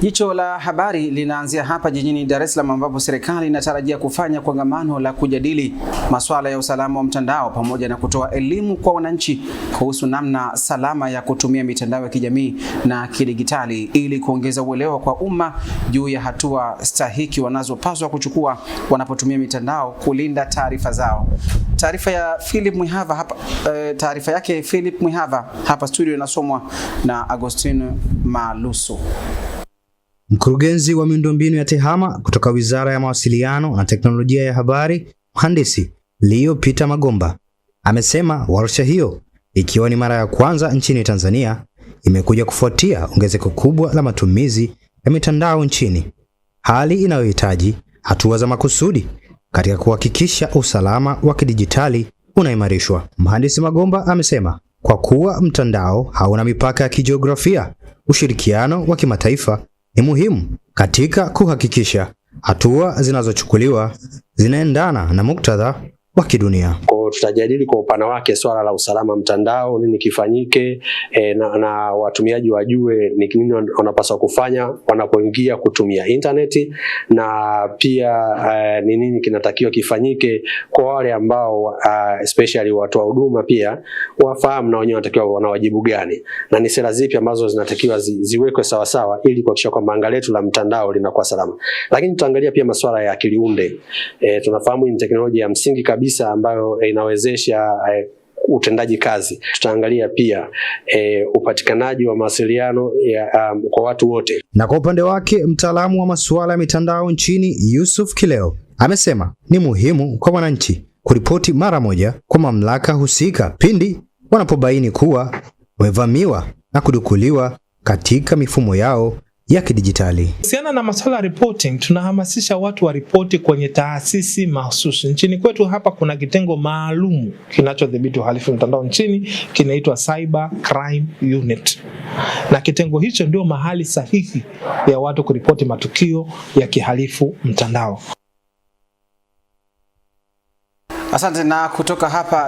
Jicho la habari linaanzia hapa jijini Dar es Salaam ambapo serikali inatarajia kufanya kongamano la kujadili masuala ya usalama wa mtandao pamoja na kutoa elimu kwa wananchi kuhusu namna salama ya kutumia mitandao ya kijamii na kidigitali ili kuongeza uelewa kwa umma juu ya hatua stahiki wanazopaswa kuchukua wanapotumia mitandao kulinda taarifa zao. Taarifa ya Philip Mwihava hapa, eh, taarifa yake Philip Mwihava hapa studio inasomwa na Agostino Malusu. Mkurugenzi wa miundombinu ya TEHAMA kutoka Wizara ya Mawasiliano na Teknolojia ya Habari, Mhandisi Leo Peter Magomba amesema warsha hiyo ikiwa ni mara ya kwanza nchini Tanzania imekuja kufuatia ongezeko kubwa la matumizi ya mitandao nchini, hali inayohitaji hatua za makusudi katika kuhakikisha usalama wa kidijitali unaimarishwa. Mhandisi Magomba amesema kwa kuwa mtandao hauna mipaka ya kijiografia, ushirikiano wa kimataifa ni muhimu katika kuhakikisha hatua zinazochukuliwa zinaendana na muktadha wa kidunia tutajadili kwa upana wake swala la usalama mtandao, nini kifanyike, e, na, na watumiaji wajue ni nini wanapaswa kufanya wanapoingia kutumia intaneti, na pia e, ni nini kinatakiwa kifanyike kwa wale ambao e, especially watu wa huduma pia wafahamu na wenyewe wanatakiwa wana wajibu gani na ni sera zipi ambazo zinatakiwa zi, ziwekwe sawasawa ili kuhakikisha kwamba anga letu la mtandao linakuwa salama. Lakini tutaangalia pia masuala ya akili unde. E, tunafahamu ni teknolojia ya msingi kabisa ambayo e, inawezesha eh, utendaji kazi. Tutaangalia pia e, upatikanaji wa mawasiliano um, kwa watu wote. Na kwa upande wake mtaalamu wa masuala ya mitandao nchini Yusuf Kileo amesema ni muhimu kwa wananchi kuripoti mara moja kwa mamlaka husika pindi wanapobaini kuwa wamevamiwa na kudukuliwa katika mifumo yao ya kidijitali. Kuhusiana na masuala ya reporting, tunahamasisha watu waripoti kwenye taasisi mahususi. Nchini kwetu hapa kuna kitengo maalum kinachodhibiti uhalifu mtandao nchini, kinaitwa Cyber Crime Unit, na kitengo hicho ndio mahali sahihi ya watu kuripoti matukio ya kihalifu mtandao. Asante na kutoka hapa